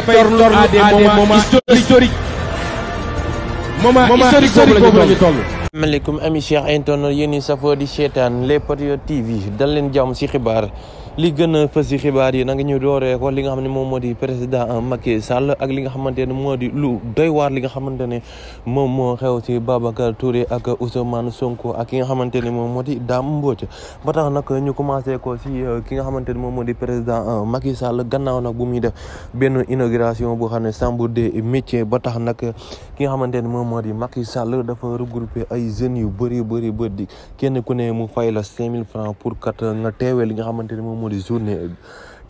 torlu à des moments historiques moment historique ami Cheikh Antonio yéen i safoo di seetaan les patriotes TV dal leen jàmm ci xibaar li gën a fës ci xibaar yi nanga nga ñu dooree ko li nga xam ne moom moo di président Macky Sall ak li nga xamante ne moo di lu doy li nga xamante ne moom moo xew ci Babacar Touré ak Ousmane Sonko ak ki nga xamante ne moom moo di Dame Mbodj ba tax nag ñu commencé ko ci euh, ki nga xamante ne moom moo di président euh, Macky Sall gannaaw nag bu muy def benn inauguration boo xam ne chambre des métiers ba tax nag ki nga xamante ne moom moo di Macky Sall dafa regroupé ay jeunes yu bëri bëri bëri kenn ku ne mu fay la cinq mille francs pour kat nga teewee li nga xamante ne moom moo di journée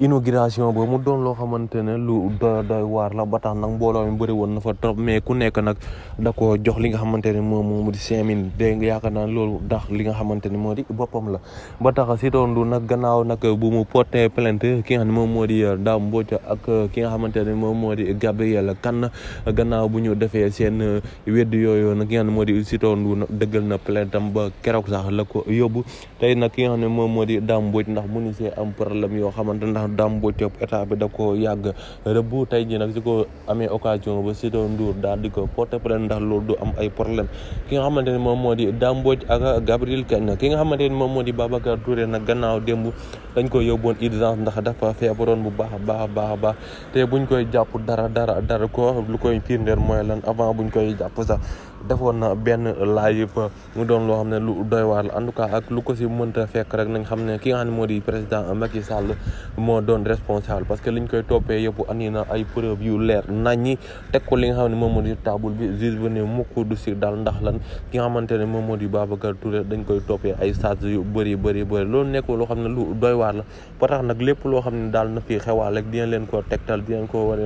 inauguration boobu mu doon loo xamante ne lu doy doy waar la ba tax nag mbooloo mi bëri woon na fa trop mais ku nekk nag da ko jox li nga xamante ne moom moo di cinq mille dégg nga yaakaar naa loolu ndax li nga xamante ne moo di boppam la ba tax si doon nag gannaaw nag bu mu porté plainte ki nga moom moo di euh, Dame Mbodj ak euh, ki nga xamante ne moom moo di Gabriel Kane gannaaw bu ñu defee seen euh, wedd yooyu nag ki nga xam ne moo di si doon du dëggal na plainte am ba keroog sax la ko yóbbu tey nag ki nga xam ne moom moo di Dame ndax mu ngi see am problème yoo xamante pourtant Dame Mbodj état bi da ko yàgg rëbb tey jii nag si ko amee occasion ba Sitor Ndour daal di ko porter plainte ndax loolu du am ay problème ki nga xamante ni moom moo di Dame Mbodj ak Gabriel Kane ki nga xamante ni moom moo di Babacar Touré nag gannaaw démb dañ koy yóbboon urgence ndax dafa feebaroon bu baax a baax a baax a baax te buñ koy jàpp dara dara dara ko lu koy firndeel mooy lan avant buñ koy jàpp sax defoon na benn live mu doon loo xam ne lu doy la en tout cas ak lu ko si mënta fekk rek nañ xam ne ki nga xam ne moo di président Macky Sall moo doon responsable parce que liñ koy toppee yëpp andi na ay preuve yu leer naññi teg ko li nga xam ne moom moo di table bi juge bi ne mukk du daal ndax lan ki nga xamante ne moom moo di Babacar Touré dañ koy toppee ay charge yu bëri bëri bëri loolu nekk loo xam ne lu doy waar la ba tax nag lépp loo xam ne daal na fi xewaal rek dina leen ko tegtal dinañ ko war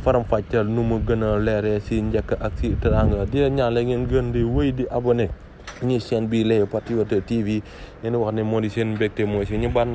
faram nu mu gën a leeree si njëkk ak si teraanga di leen ñaan la ngeen gën di wéy di abonné ñi chaîne bii lay Patriote TV leen wax ne moo di seen mbégte mooy si ñu bànne